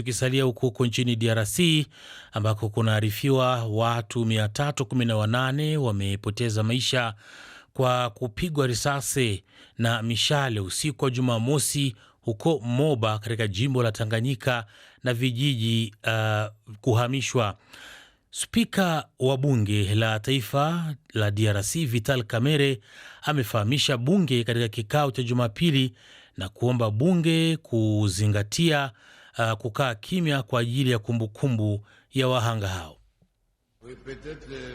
Tukisalia huko huko nchini DRC ambako kunaarifiwa watu 318 wamepoteza maisha kwa kupigwa risasi na mishale usiku wa Jumamosi huko Moba katika jimbo la Tanganyika na vijiji uh, kuhamishwa. Spika wa bunge la taifa la DRC Vital Kamerhe amefahamisha bunge katika kikao cha Jumapili na kuomba bunge kuzingatia Uh, kukaa kimya kwa ajili ya kumbukumbu ya wahanga hao.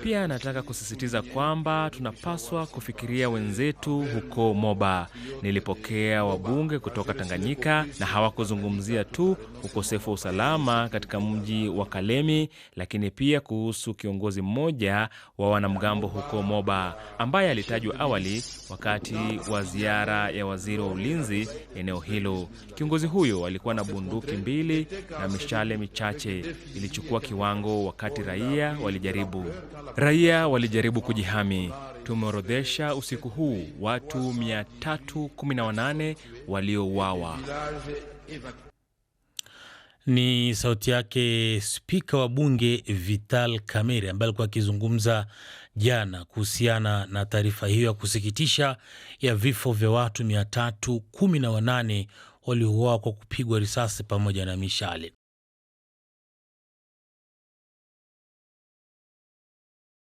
Pia nataka kusisitiza kwamba tunapaswa kufikiria wenzetu huko Moba. Nilipokea wabunge kutoka Tanganyika na hawakuzungumzia tu ukosefu wa usalama katika mji wa Kalemi, lakini pia kuhusu kiongozi mmoja wa wanamgambo huko Moba ambaye alitajwa awali wakati wa ziara ya waziri wa ulinzi eneo hilo. Kiongozi huyo alikuwa na bunduki mbili na mishale michache. Ilichukua kiwango wakati raia wali walijaribu raia walijaribu kujihami. Tumeorodhesha usiku huu watu 318 waliouawa. Ni sauti yake spika wa bunge Vital Kamerhe ambaye alikuwa akizungumza jana kuhusiana na taarifa hiyo ya kusikitisha ya vifo vya watu 318 waliouawa kwa kupigwa risasi pamoja na mishale.